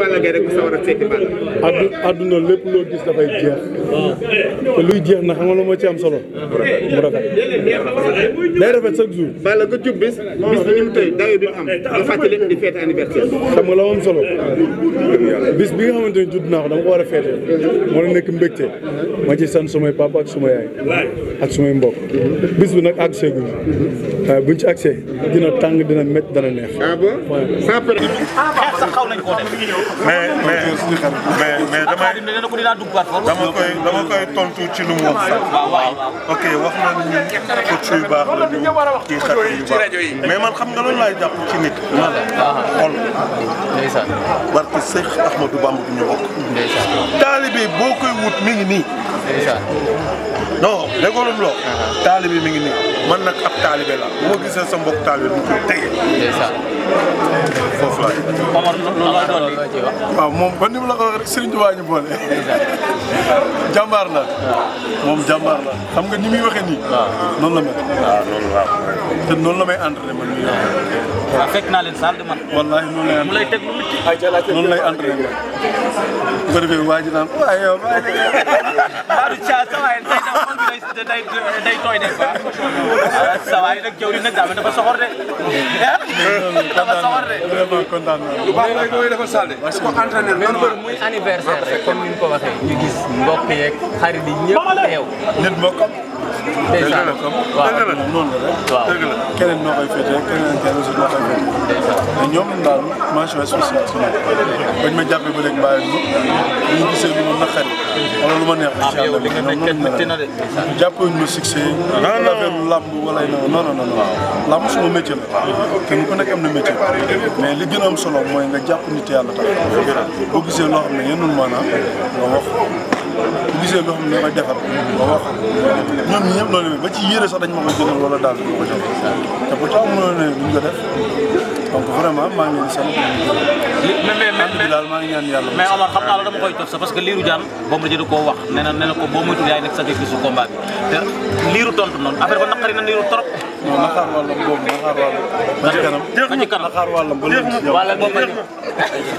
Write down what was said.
Balla Gaye rek ku sa war addu adduna lépp loo gis dafay jeex. te luy jeex na xam nga moo ci am solo. mu rafet day rafet chaque jour. Balla nga jub bis bi am nga solo. bis bi nga xamante ne judd naa ko dama ko war a fête. moo nekk mbégte. ma ci sant sumay papa ak sumay yaay. ak sumay mbokk. bis bi nag accès guñ. waaye buñ ci accès dina tàng dina métti dana neex. Ah mais mais mais damay dama koy dama koy tontu ci lu mu wax sax. ok wax na ni coach yu baax la ñu kii xar yu baax mais man xam nga loolu laay jàpp ci nit. xol. ndeysaan. barke Seex Ahmadou Bamba bu ñu bokk. ndeysaan. taalibe boo koy wut mi ngi nii. ndeysaan. non déggoo lu mu loo. taalibe mi ngi nii man nag ab taalibe la bu ma gisee sa mbokk taalibe mu koy tege. ndeysaan. foofu laay. Omar moom ba ni la ko waxee rek Serigne Touba ñu boole. jàmbaar la. moom jàmbaar la xam nga ni muy waxee nii. waaw noonu la mel. te noonu la may entraîné man mii waaw fekk naa leen saal de man. wallaahi noonu lay entraîné mu lay teg lu métti. ay jàll waaye yow. Badou Thiass sa waay day day tooy de quoi. nag jawriñ nag daa mel dafa soxor de. dafa soxor de. vraiment kontaan naa lu baax la mooy defal saal de. parce que entraîneur noonu muy anniversaire rek comme ni ñu ko waxee. ñu gis mbokk yeeg xarit yi ñëpp teew. nit mbokkam. dëgg la comme dëgg la noonu la rek. waaw dëgg la keneen noo koy féetee keneen keneen su noo koy féetee. te ñoom daal mention spéciale bañ ma jàppee ba léegi mbaa yi ñu gisee lu mu naqari ma neex ah, incha allah noonu la jàppee ñu ma succès. Ah, non non làmb wala non non non làmb suma métier la kenn ku nekk am na métier mais li gën a am solo mooy nga jàpp nit yàlla tax boo gisee loo xam ne yennul maanaam nga gisee loo xam ne dafay defar nga wax loolu ba ci yére sax dañ ma koy jëndal wala daal di ma ko jox bu tax mënoo ne duñ ko donc vraiment maa ngi leen di sant mais daal maa ngi ñaan yàlla mais Omar xam naa la dama koy topp sax parce que liiru jaan boobu la jënd koo wax nee na nee na ko boo moytul yaay nekk sacrifice su combat bi te liiru tontu ba naqari na liiru trop non naqaar wàllam boobu naqaar wàllam ba ci kanam naqaar wàllam ba léegi ci